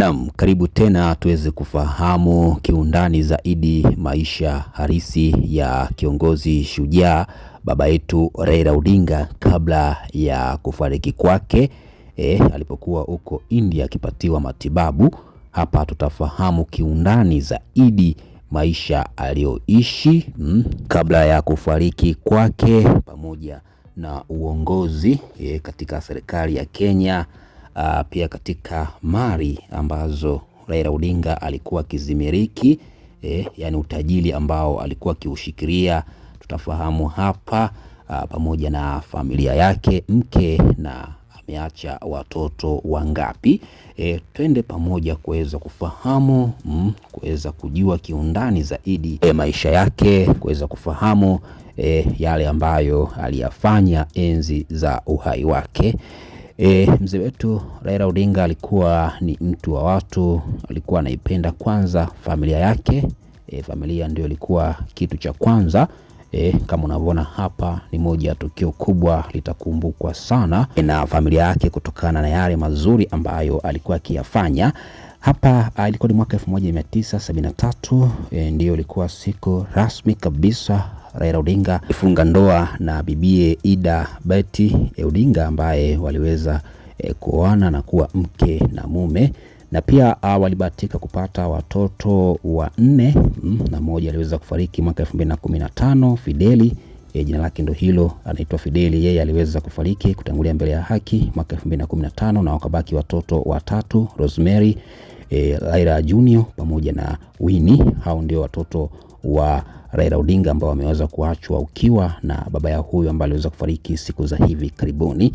Naam, karibu tena tuweze kufahamu kiundani zaidi maisha halisi ya kiongozi shujaa baba yetu Raila Odinga kabla ya kufariki kwake, e, alipokuwa huko India akipatiwa matibabu. Hapa tutafahamu kiundani zaidi maisha aliyoishi mm, kabla ya kufariki kwake pamoja na uongozi e, katika serikali ya Kenya uh, pia katika mali ambazo Raila Odinga alikuwa akizimiliki eh, yani utajiri ambao alikuwa akiushikilia tutafahamu hapa uh, pamoja na familia yake, mke na ameacha watoto wangapi? E, twende pamoja kuweza kufahamu mm, kuweza kujua kiundani zaidi e, maisha yake kuweza kufahamu e, yale ambayo aliyafanya enzi za uhai wake. E, mzee wetu Raila Odinga alikuwa ni mtu wa watu, alikuwa anaipenda kwanza familia yake. E, familia ndio ilikuwa kitu cha kwanza. E, kama unavyoona hapa ni moja ya tukio kubwa litakumbukwa sana e, na familia yake kutokana na yale mazuri ambayo alikuwa akiyafanya. Hapa alikuwa ah, ni mwaka 1973 e, ndio ilikuwa siku rasmi kabisa Raila Odinga ifunga ndoa na bibie Ida Beti eh, Odinga ambaye waliweza e, kuoana na kuwa mke na mume na pia ah, walibahatika kupata watoto wanne mm, na mmoja aliweza kufariki mwaka 2015 Fideli e, jina lake ndo hilo, anaitwa Fideli. Yeye aliweza kufariki kutangulia mbele ya haki mwaka 2015 na wakabaki watoto watatu Rosemary e, Raila Junior pamoja na Winnie. Hao ndio watoto wa Raila Odinga ambao wameweza kuachwa ukiwa na baba ya huyo ambaye aliweza kufariki siku za hivi karibuni.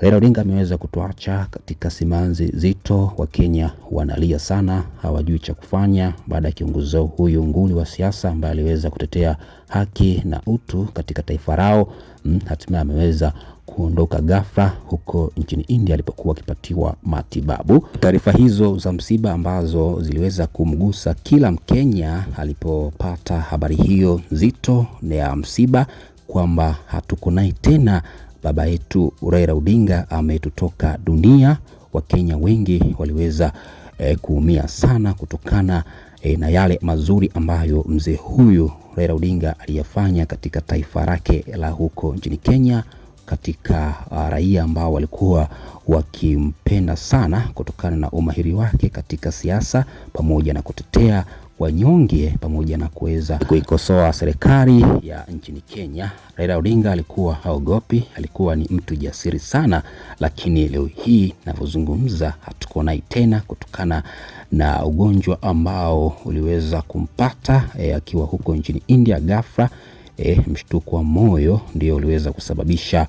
Raila Odinga ameweza kutuacha katika simanzi zito. Wakenya wanalia sana, hawajui cha kufanya baada ya kiongozi huyu nguli wa siasa ambaye aliweza kutetea haki na utu katika taifa lao, mm, hatimaye ameweza kuondoka ghafla huko nchini India alipokuwa akipatiwa matibabu. Taarifa hizo za msiba ambazo ziliweza kumgusa kila Mkenya alipopata habari hiyo nzito ya msiba kwamba hatuko naye tena, baba yetu Raila Odinga ametutoka dunia. Wakenya wengi waliweza eh, kuumia sana kutokana eh, na yale mazuri ambayo mzee huyu Raila Odinga aliyafanya katika taifa lake la huko nchini Kenya katika uh, raia ambao walikuwa wakimpenda sana kutokana na umahiri wake katika siasa pamoja na kutetea wanyonge pamoja na kuweza kuikosoa serikali ya nchini Kenya. Raila Odinga alikuwa haogopi, alikuwa ni mtu jasiri sana, lakini leo hii ninavyozungumza hatuko naye tena kutokana na ugonjwa ambao uliweza kumpata e, akiwa huko nchini India ghafla e, mshtuko wa moyo ndio uliweza kusababisha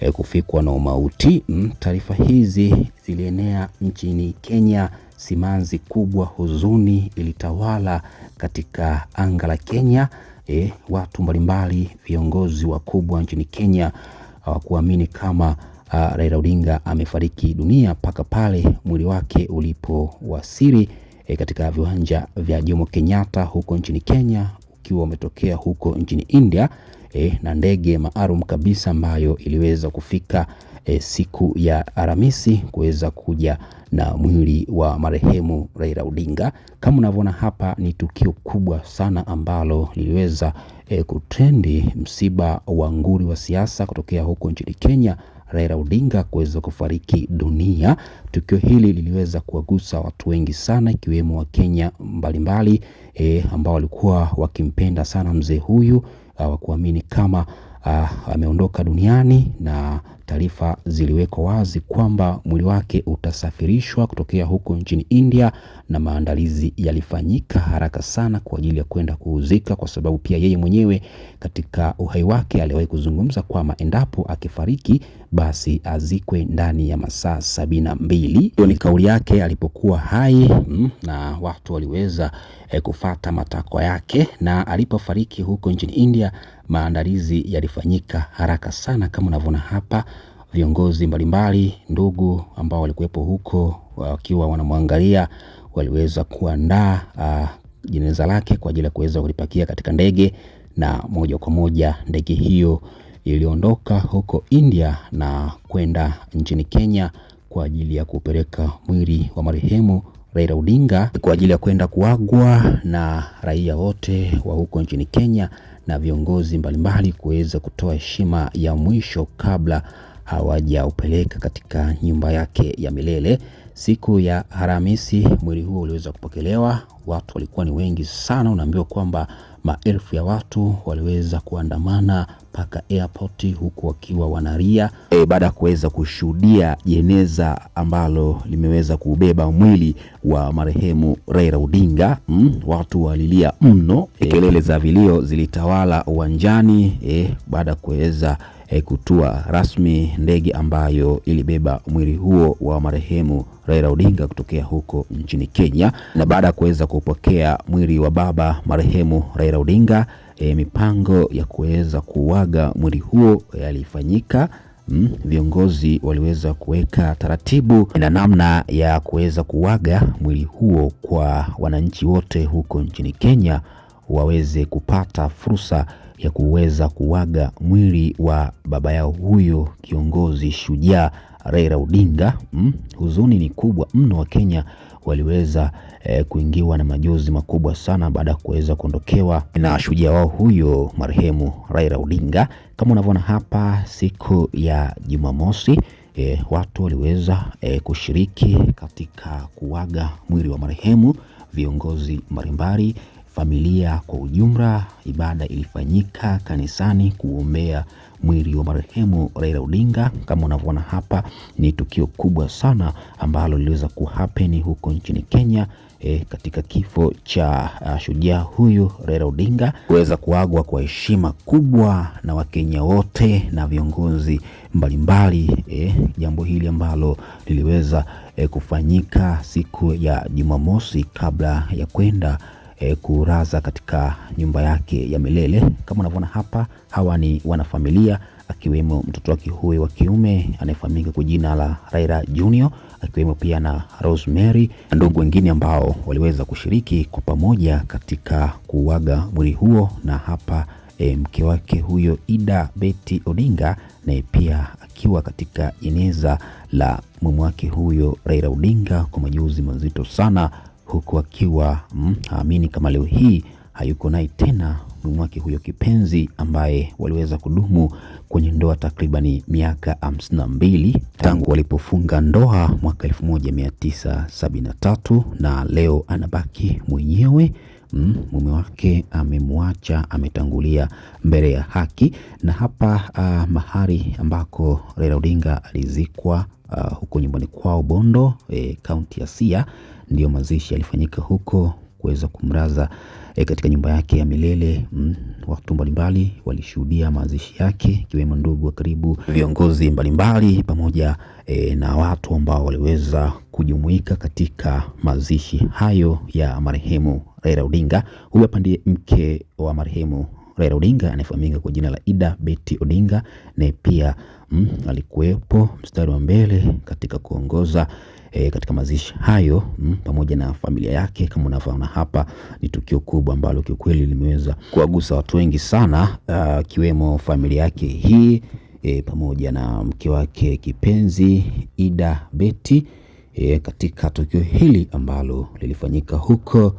e, kufikwa na umauti. Mm, taarifa hizi zilienea nchini Kenya, simanzi kubwa, huzuni ilitawala katika anga la Kenya. E, watu mbalimbali, viongozi wakubwa nchini Kenya hawakuamini kama Uh, Raila Odinga amefariki dunia mpaka pale mwili wake ulipowasili e, katika viwanja vya Jomo Kenyatta huko nchini Kenya wakiwa wametokea huko nchini India e, na ndege maalum kabisa ambayo iliweza kufika e, siku ya Alhamisi kuweza kuja na mwili wa marehemu Raila Odinga. Kama unavyoona hapa, ni tukio kubwa sana ambalo liliweza e, kutrendi msiba wa nguri wa siasa kutokea huko nchini Kenya Raila Odinga kuweza kufariki dunia. Tukio hili liliweza kuwagusa watu wengi sana, ikiwemo Wakenya mbalimbali e, ambao walikuwa wakimpenda sana mzee huyu, ah, wakuamini kama ah, ameondoka duniani na taarifa ziliwekwa wazi kwamba mwili wake utasafirishwa kutokea huko nchini India, na maandalizi yalifanyika haraka sana kwa ajili ya kwenda kuuzika, kwa sababu pia yeye mwenyewe katika uhai wake aliwahi kuzungumza kwamba endapo akifariki basi azikwe ndani ya masaa sabini na mbili. Hiyo ni kauli yake alipokuwa hai mm, na watu waliweza eh, kufata matakwa yake, na alipofariki huko nchini India maandalizi yalifanyika haraka sana kama unavyoona hapa viongozi mbalimbali, ndugu ambao walikuwepo huko wakiwa wanamwangalia waliweza kuandaa jeneza lake kwa ajili ya kuweza kulipakia katika ndege, na moja kwa moja ndege hiyo iliondoka huko India na kwenda nchini Kenya kwa ajili ya kupeleka mwili wa marehemu Raila Odinga kwa ajili ya kwenda kuagwa na raia wote wa huko nchini Kenya na viongozi mbalimbali kuweza kutoa heshima ya mwisho kabla hawajaupeleka katika nyumba yake ya milele. Siku ya Alhamisi mwili huo uliweza kupokelewa, watu walikuwa ni wengi sana, unaambiwa kwamba maelfu ya watu waliweza kuandamana mpaka airport huku wakiwa wanaria e, baada ya kuweza kushuhudia jeneza ambalo limeweza kubeba mwili wa marehemu Raila Odinga. Mm, watu walilia mno e, kelele za vilio zilitawala uwanjani e, baada ya kuweza e, kutua rasmi ndege ambayo ilibeba mwili huo wa marehemu Raila Odinga kutokea huko nchini Kenya, na baada ya kuweza kupokea mwili wa baba marehemu Raila Odinga e, mipango ya kuweza kuuaga mwili huo yalifanyika. Mm, viongozi waliweza kuweka taratibu na namna ya kuweza kuuaga mwili huo kwa wananchi wote huko nchini Kenya waweze kupata fursa ya kuweza kuuaga mwili wa baba yao huyo kiongozi shujaa Raila Odinga. Mm, huzuni ni kubwa mno wa Kenya waliweza eh, kuingiwa na majonzi makubwa sana baada ya kuweza kuondokewa na shujaa wao huyo marehemu Raila Odinga. Kama unavyoona hapa, siku ya Jumamosi eh, watu waliweza eh, kushiriki katika kuaga mwili wa marehemu, viongozi mbalimbali familia kwa ujumla. Ibada ilifanyika kanisani kuombea mwili wa marehemu Raila Odinga. Kama unavyoona hapa, ni tukio kubwa sana ambalo liliweza kuhappen huko nchini Kenya e, katika kifo cha ah, shujaa huyu Raila Odinga kuweza kuagwa kwa heshima kubwa na Wakenya wote na viongozi mbalimbali e, jambo hili ambalo liliweza e, kufanyika siku ya Jumamosi kabla ya kwenda e, kuraza katika nyumba yake ya milele. Kama unavyoona hapa, hawa ni wanafamilia akiwemo mtoto wake huyo wa kiume anayefahamika kwa jina la Raila Junior, akiwemo pia na Rosemary na ndugu wengine ambao waliweza kushiriki kwa pamoja katika kuuaga mwili huo, na hapa e, mke wake huyo Ida Betty Odinga naye pia akiwa katika jeneza la mume wake huyo Raila Odinga kwa majuzi mazito sana huku akiwa mm, haamini kama leo hii hayuko naye tena wake huyo kipenzi ambaye waliweza kudumu kwenye ndoa takribani miaka hamsini na mbili tangu walipofunga ndoa mwaka elfu moja mia tisa sabini na tatu na leo anabaki mwenyewe. Mm, mume wake amemwacha, ametangulia mbele ya haki. Na hapa uh, mahali ambako Raila Odinga alizikwa uh, huko nyumbani kwao Bondo, eh, kaunti ya Siaya Ndiyo mazishi yalifanyika huko kuweza kumraza e, katika nyumba yake ya milele mm. Watu mbalimbali walishuhudia mazishi yake ikiwemo ndugu wa karibu, viongozi mbalimbali pamoja e, na watu ambao waliweza kujumuika katika mazishi hayo ya marehemu Raila Odinga. Huyu hapa ndiye mke wa marehemu Raila Odinga anayefahamika kwa jina la Ida Betty Odinga, naye pia mm, alikuwepo mstari wa mbele katika kuongoza e, katika mazishi hayo m, mm, pamoja na familia yake. Kama unavyoona hapa, ni tukio kubwa ambalo kiukweli limeweza kuwagusa watu wengi sana, akiwemo familia yake hii e, pamoja na mke wake kipenzi Ida Beti e, katika tukio hili ambalo lilifanyika huko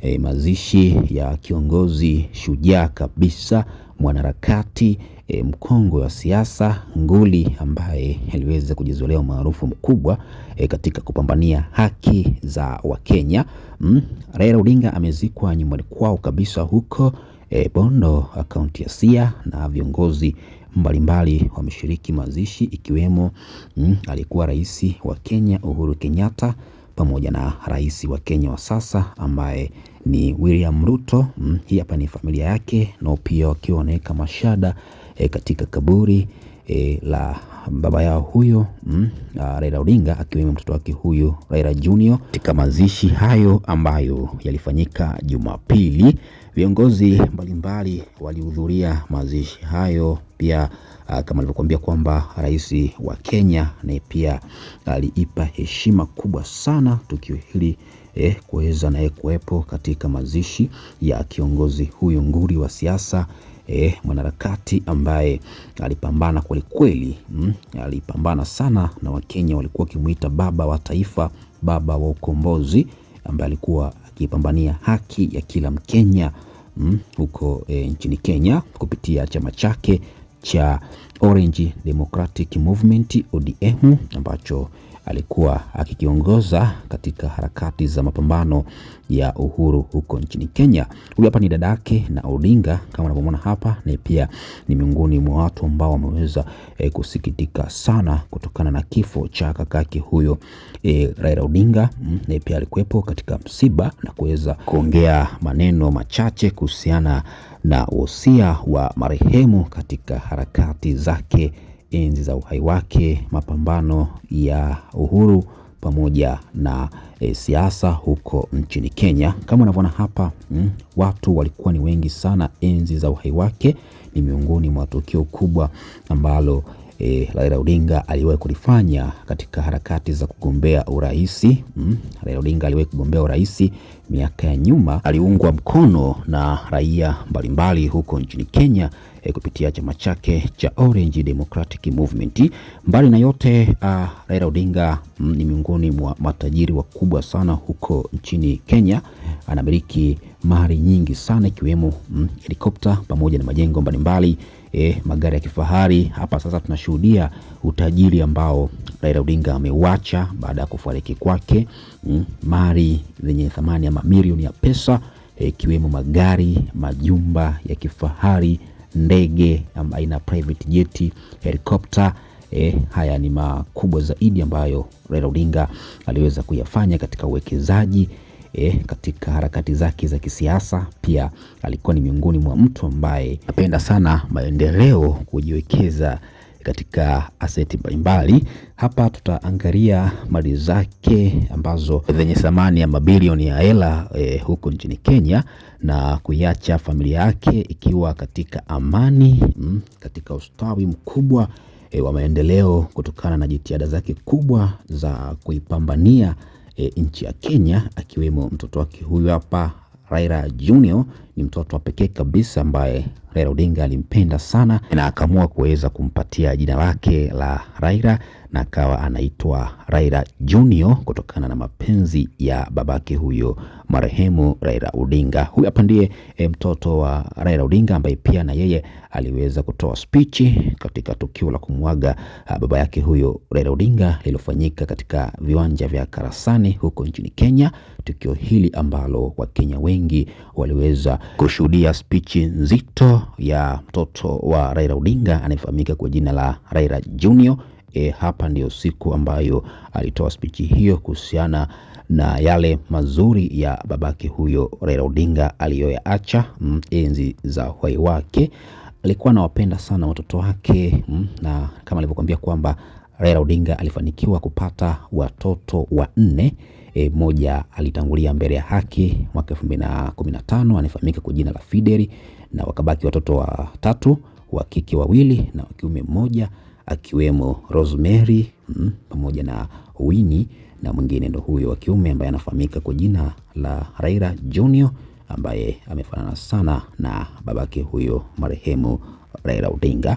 e, mazishi ya kiongozi shujaa kabisa mwanaharakati e, mkongwe wa siasa nguli ambaye aliweza kujizolea umaarufu mkubwa e, katika kupambania haki za Wakenya. Mm, Raila Odinga amezikwa nyumbani kwao kabisa huko e, Bondo, kaunti ya Siaya na viongozi mbalimbali wameshiriki mazishi ikiwemo mm, aliyekuwa rais wa Kenya Uhuru Kenyatta pamoja na rais wa Kenya wa sasa ambaye ni William Ruto. Mm, hii hapa ni familia yake, nao pia wakiwa wanaweka mashada e, katika kaburi e, la baba yao huyo mm, Raila Odinga akiwemo mtoto wake huyo Raila Junior. Katika mazishi hayo ambayo yalifanyika Jumapili, viongozi mbalimbali walihudhuria mazishi hayo pia a, kama alivyokuambia kwamba rais wa Kenya naye pia aliipa heshima kubwa sana tukio hili eh, kuweza naye kuwepo katika mazishi ya kiongozi huyu nguri wa siasa eh, mwanaharakati ambaye alipambana kwelikweli mm, alipambana sana na Wakenya walikuwa wakimwita baba wa taifa, baba wa ukombozi, ambaye alikuwa akipambania haki ya kila Mkenya mm, huko eh, nchini Kenya kupitia chama chake cha Orange Democratic Movement ODM ambacho alikuwa akikiongoza katika harakati za mapambano ya uhuru huko nchini Kenya. Huyu hapa ni dadake na Odinga kama unavyomwona hapa, na pia ni miongoni mwa watu ambao wameweza e, kusikitika sana kutokana na kifo cha kakake huyo e, Raila Odinga mm, na pia alikuwepo katika msiba na kuweza kuongea maneno machache kuhusiana na wosia wa marehemu katika harakati zake enzi za uhai wake, mapambano ya uhuru pamoja na e, siasa huko nchini Kenya. Kama unavyoona hapa mm, watu walikuwa ni wengi sana enzi za uhai wake. Ni miongoni mwa tukio kubwa ambalo e, Raila Odinga aliwahi kulifanya katika harakati za kugombea urais. Mm, Raila Odinga aliwahi kugombea urais miaka ya nyuma, aliungwa mkono na raia mbalimbali huko nchini Kenya e, kupitia chama chake cha Orange Democratic Movement. Mbali na yote uh, Raila Odinga mm, ni miongoni mwa matajiri wakubwa sana huko nchini Kenya, anamiliki mali nyingi sana ikiwemo mm, helikopta pamoja na majengo mbalimbali mbali eh, magari ya kifahari. Hapa sasa tunashuhudia utajiri ambao Raila Odinga ameuacha baada ya kufariki kwake, mm, mali zenye thamani ya mamilioni ya pesa eh, ikiwemo eh, magari, majumba ya kifahari, ndege aina private helikopta E, eh, haya ni makubwa zaidi ambayo Raila Odinga aliweza kuyafanya katika uwekezaji eh, katika harakati zake za kisiasa. Pia alikuwa ni miongoni mwa mtu ambaye napenda sana maendeleo, kujiwekeza katika aseti mbalimbali. Hapa tutaangalia mali zake ambazo zenye thamani ya mabilioni ya hela eh, huko nchini Kenya na kuiacha familia yake ikiwa katika amani mm, katika ustawi mkubwa eh, wa maendeleo kutokana na jitihada zake kubwa za kuipambania e, nchi ya Kenya, akiwemo mtoto wake huyu hapa Raila Junior. Ni mtoto wa pekee kabisa ambaye Raila Odinga alimpenda sana na akaamua kuweza kumpatia jina lake la Raila na akawa anaitwa Raila Junior kutokana na mapenzi ya babake huyo marehemu Raila Odinga. Huyu hapa ndiye e, mtoto wa Raila Odinga ambaye pia na yeye aliweza kutoa spichi katika tukio la kumwaga baba yake huyo Raila Odinga lililofanyika katika viwanja vya Karasani huko nchini Kenya, tukio hili ambalo Wakenya wengi waliweza kushuhudia spichi nzito ya mtoto wa Raila Odinga anayefahamika kwa jina la Raila Junior e, hapa ndiyo siku ambayo alitoa spichi hiyo kuhusiana na yale mazuri ya babake huyo Raila Odinga aliyoyaacha mm, enzi za uhai wake. Alikuwa anawapenda sana watoto wake mm, na kama alivyokuambia kwamba Raila Odinga alifanikiwa kupata watoto wanne. E, moja alitangulia mbele ya haki mwaka tano anafahamika kwa jina la Fideli, na wakabaki watoto watatu wa kike wawili na wa kiume mmoja akiwemo Rosemary mm, pamoja na Winnie na mwingine ndo huyo wa kiume ambaye anafahamika kwa jina la Raila Junior ambaye amefanana sana na babake huyo marehemu Raila Odinga.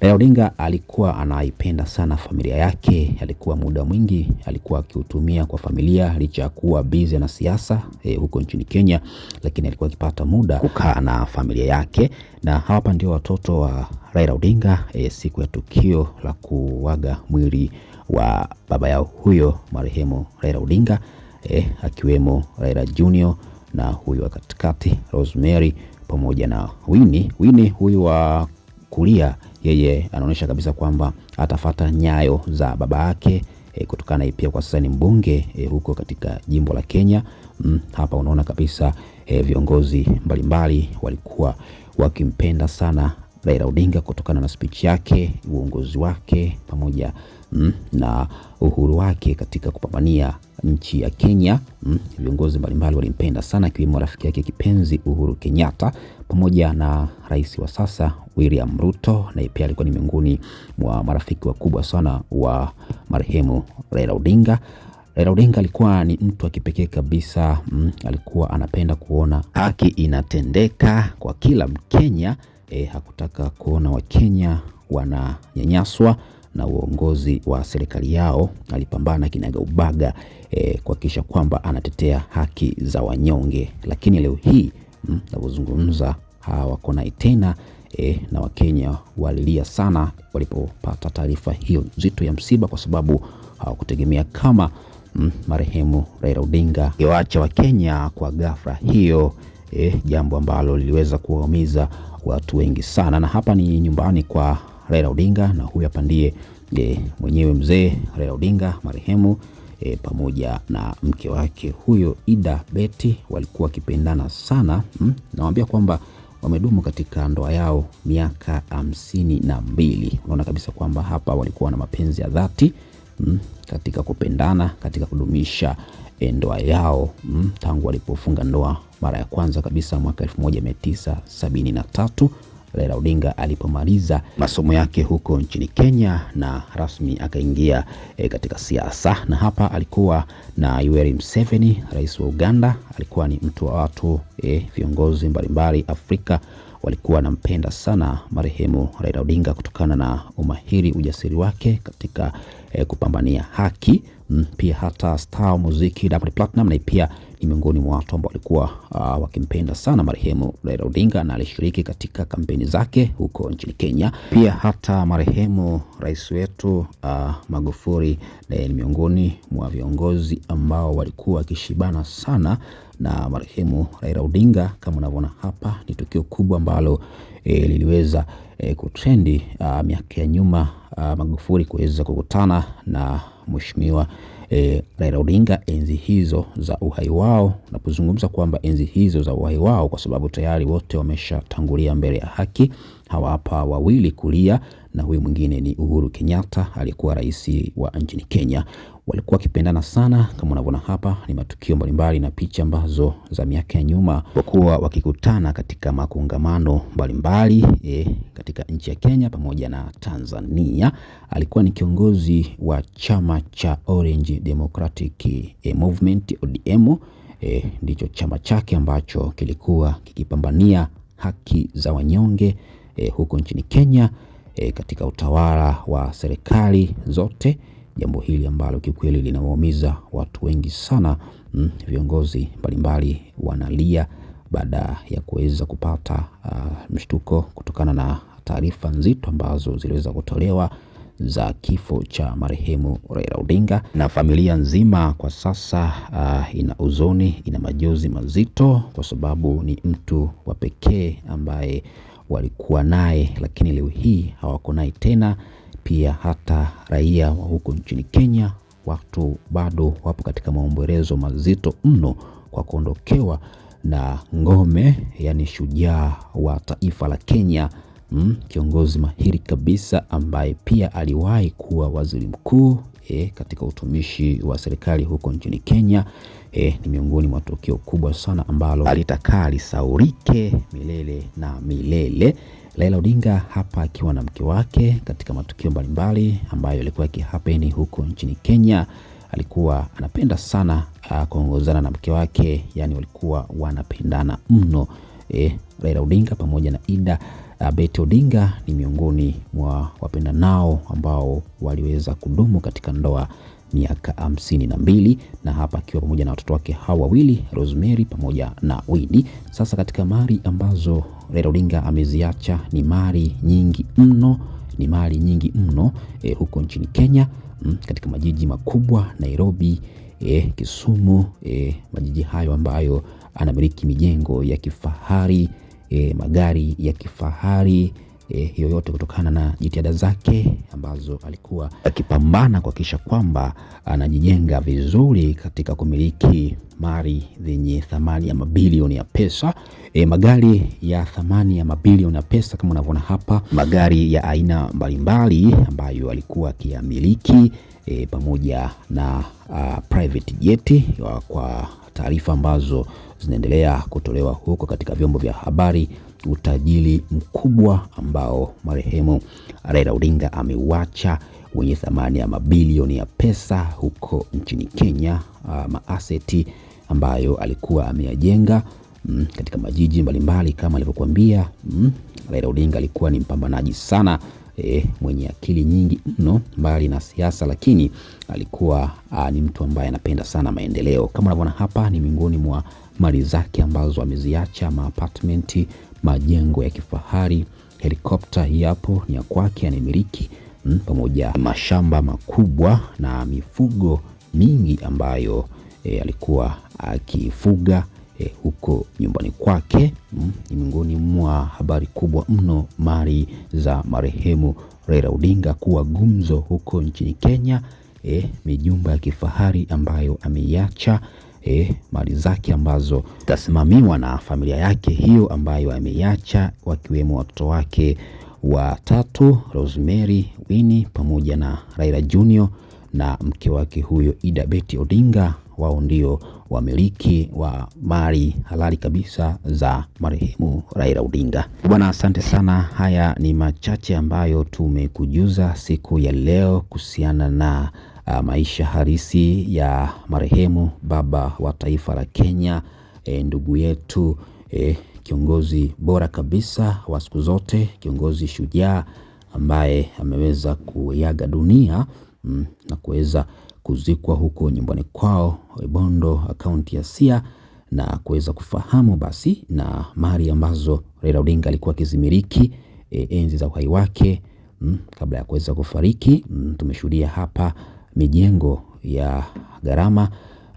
Raila Odinga alikuwa anaipenda sana familia yake, alikuwa muda mwingi alikuwa akiutumia kwa familia, licha ya kuwa busy na siasa e, huko nchini Kenya, lakini alikuwa akipata muda kukaa na familia yake, na hapa ndio watoto wa Raila Odinga e, siku ya tukio la kuwaga mwili wa baba yao huyo marehemu Raila Odinga eh, akiwemo Raila Junior na huyu wa katikati Rosemary pamoja na Winnie. Winnie huyu wa kulia, yeye anaonyesha kabisa kwamba atafata nyayo za baba yake e, kutokana na pia kwa sasa ni mbunge e, huko katika jimbo la Kenya. Mm, hapa unaona kabisa e, viongozi mbalimbali mbali, walikuwa wakimpenda sana Raila Odinga kutokana na speech yake, uongozi wake pamoja mm, na uhuru wake katika kupambania nchi ya Kenya. Mm, viongozi mbalimbali walimpenda sana akiwemo rafiki yake kipenzi Uhuru Kenyatta pamoja na rais wa sasa William Ruto, naye pia alikuwa ni miongoni mwa marafiki wakubwa sana wa marehemu Raila Odinga. Raila Odinga alikuwa ni mtu wa kipekee kabisa mm, alikuwa anapenda kuona haki inatendeka kwa kila Mkenya. E, hakutaka kuona Wakenya wananyanyaswa na uongozi wa serikali yao, alipambana kinaga ubaga e, kuhakikisha kwamba anatetea haki za wanyonge. Lakini leo hii mm, navyozungumza hawakonai tena e, na Wakenya walilia sana walipopata taarifa hiyo nzito ya msiba, kwa sababu hawakutegemea kama mm, marehemu Raila Odinga iwaacha Wakenya kwa ghafla hiyo e, jambo ambalo liliweza kuwaumiza watu wengi sana, na hapa ni nyumbani kwa Raila Odinga na huyu hapa ndiye e, mwenyewe mzee Raila Odinga marehemu e, pamoja na mke wake huyo Ida Beti walikuwa wakipendana sana mm. Nawaambia kwamba wamedumu katika ndoa yao miaka hamsini na mbili. Unaona kabisa kwamba hapa walikuwa na mapenzi ya dhati mm, katika kupendana, katika kudumisha e, ndoa yao mm, tangu walipofunga ndoa mara ya kwanza kabisa mwaka 1973. Raila Odinga alipomaliza masomo yake huko nchini Kenya na rasmi akaingia e, katika siasa. Na hapa alikuwa na Yoweri Museveni, rais wa Uganda. Alikuwa ni mtu wa watu e, viongozi mbalimbali Afrika walikuwa wanampenda sana marehemu Raila Odinga kutokana na umahiri, ujasiri wake katika e, kupambania haki mm, pia hata star muziki Diamond Platinum, na pia ni miongoni mwa watu ambao walikuwa uh, wakimpenda sana marehemu Raila Odinga na alishiriki katika kampeni zake huko nchini Kenya. Pia hata marehemu rais wetu uh, Magufuli eh, ni miongoni mwa viongozi ambao walikuwa wakishibana sana na marehemu Raila Odinga. Kama unavyoona hapa, ni tukio kubwa ambalo e, liliweza e, kutrendi uh, miaka ya nyuma uh, Magufuli kuweza kukutana na mheshimiwa e, Raila Odinga enzi hizo za uhai wao, napozungumza kwamba enzi hizo za uhai wao, kwa sababu tayari wote wameshatangulia mbele ya haki. Hawa hapa wawili kulia na huyu mwingine ni Uhuru Kenyatta aliyekuwa rais wa nchini Kenya. Walikuwa wakipendana sana, kama unavyoona hapa ni matukio mbalimbali na picha ambazo za miaka ya nyuma wakuwa wakikutana katika makongamano mbalimbali e, katika nchi ya Kenya pamoja na Tanzania. Alikuwa ni kiongozi wa chama cha Orange Democratic e, Movement ODM e, ndicho chama chake ambacho kilikuwa kikipambania haki za wanyonge e, huko nchini Kenya e, katika utawala wa serikali zote, jambo hili ambalo kiukweli linawaumiza watu wengi sana mm, viongozi mbalimbali wanalia baada ya kuweza kupata uh, mshtuko kutokana na taarifa nzito ambazo ziliweza kutolewa za kifo cha marehemu Raila Odinga, na familia nzima kwa sasa uh, ina huzuni, ina majonzi mazito, kwa sababu ni mtu wa pekee ambaye walikuwa naye, lakini leo hii hawako naye tena. Pia hata raia wa huko nchini Kenya watu bado wapo katika maombolezo mazito mno kwa kuondokewa na ngome, yani shujaa wa taifa la Kenya mm, kiongozi mahiri kabisa ambaye pia aliwahi kuwa waziri mkuu eh, katika utumishi wa serikali huko nchini Kenya eh, ni miongoni mwa tukio kubwa sana ambalo alitakaa lisaurike milele na milele. Raila Odinga hapa akiwa na mke wake katika matukio mbalimbali ambayo yalikuwa yakihapeni huko nchini Kenya. Alikuwa anapenda sana ah, kuongozana na mke wake, yani walikuwa wanapendana mno eh, Raila Odinga pamoja na Ida Eh, Beth Odinga ni miongoni mwa wapendanao ambao waliweza kudumu katika ndoa miaka hamsini na mbili na hapa akiwa pamoja na watoto wake hawa wawili Rosemary pamoja na Widi. Sasa katika mali ambazo Raila Odinga ameziacha ni mali nyingi mno, ni mali nyingi mno e, huko nchini Kenya m, mm, katika majiji makubwa Nairobi, e, Kisumu, e, majiji hayo ambayo anamiliki mijengo ya kifahari e, magari ya kifahari e, yoyote kutokana na jitihada zake ambazo alikuwa akipambana kuhakikisha kwamba anajijenga vizuri katika kumiliki mali zenye thamani ya mabilioni ya pesa e, magari ya thamani ya mabilioni ya pesa kama unavyoona hapa, magari ya aina mbalimbali ambayo alikuwa akiyamiliki e, pamoja na uh, private jet kwa taarifa ambazo zinaendelea kutolewa huko katika vyombo vya habari, utajiri mkubwa ambao marehemu Raila Odinga ameuacha wenye thamani ya mabilioni ya pesa huko nchini Kenya, ah, maaseti ambayo alikuwa ameyajenga mm, katika majiji mbalimbali kama alivyokuambia mm, Raila Odinga alikuwa ni mpambanaji sana e, mwenye akili nyingi mno mbali na siasa, lakini alikuwa a, ah, ni mtu ambaye anapenda sana maendeleo. Kama unavyoona hapa, ni miongoni mwa mali zake ambazo ameziacha, maapartmenti, majengo ya kifahari, helikopta yapo ni ya kwake, anaimiliki mm, pamoja mashamba makubwa na mifugo mingi ambayo e, alikuwa akifuga e, huko nyumbani kwake. Mm, ni miongoni mwa habari kubwa mno mali za marehemu Raila Odinga kuwa gumzo huko nchini Kenya. E, mijumba ya kifahari ambayo ameiacha eh, mali zake ambazo zitasimamiwa na familia yake hiyo ambayo ameiacha wakiwemo watoto wake watatu Rosemary Wini pamoja na Raila Junior na mke wake huyo Ida Betty Odinga. Wao ndio wamiliki wa mali halali kabisa za marehemu Raila Odinga. Bwana, asante sana. Haya ni machache ambayo tumekujuza siku ya leo kuhusiana na uh, maisha halisi ya marehemu baba wa taifa la Kenya, e, ndugu yetu e, kiongozi bora kabisa wa siku zote, kiongozi shujaa ambaye ameweza kuyaga dunia mm, na kuweza kuzikwa huko nyumbani kwao Bondo, kaunti ya Siaya na kuweza kufahamu basi na mali ambazo Raila Odinga alikuwa akizimiliki e, enzi za uhai wake mm, kabla ya kuweza kufariki mm, tumeshuhudia hapa mijengo ya gharama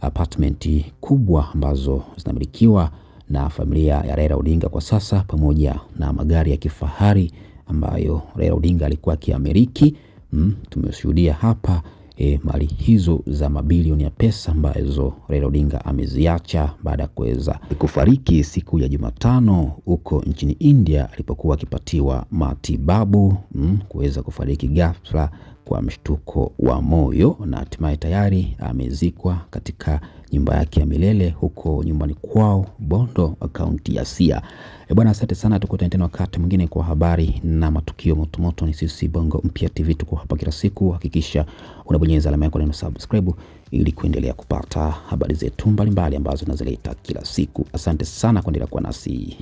apatmenti kubwa ambazo zinamilikiwa na familia ya Raila Odinga kwa sasa, pamoja na magari ya kifahari ambayo Raila Odinga alikuwa akiamiliki. Mm, tumeshuhudia hapa e, mali hizo za mabilioni ya pesa ambazo Raila Odinga ameziacha baada ya kuweza kufariki siku ya Jumatano huko nchini India alipokuwa akipatiwa matibabu mm, kuweza kufariki ghafla kwa mshtuko wa moyo na hatimaye tayari amezikwa katika nyumba yake ya milele huko nyumbani kwao Bondo, kaunti ya Siaya. E bwana, asante sana, tukutane tena wakati mwingine kwa habari na matukio motomoto. Ni sisi Bongo Mpya TV, tuko hapa kila siku. Hakikisha unabonyeza alama yako neno subscribe ili kuendelea kupata habari zetu mbalimbali ambazo tunazileta kila siku. Asante sana kuendelea kuwa nasi.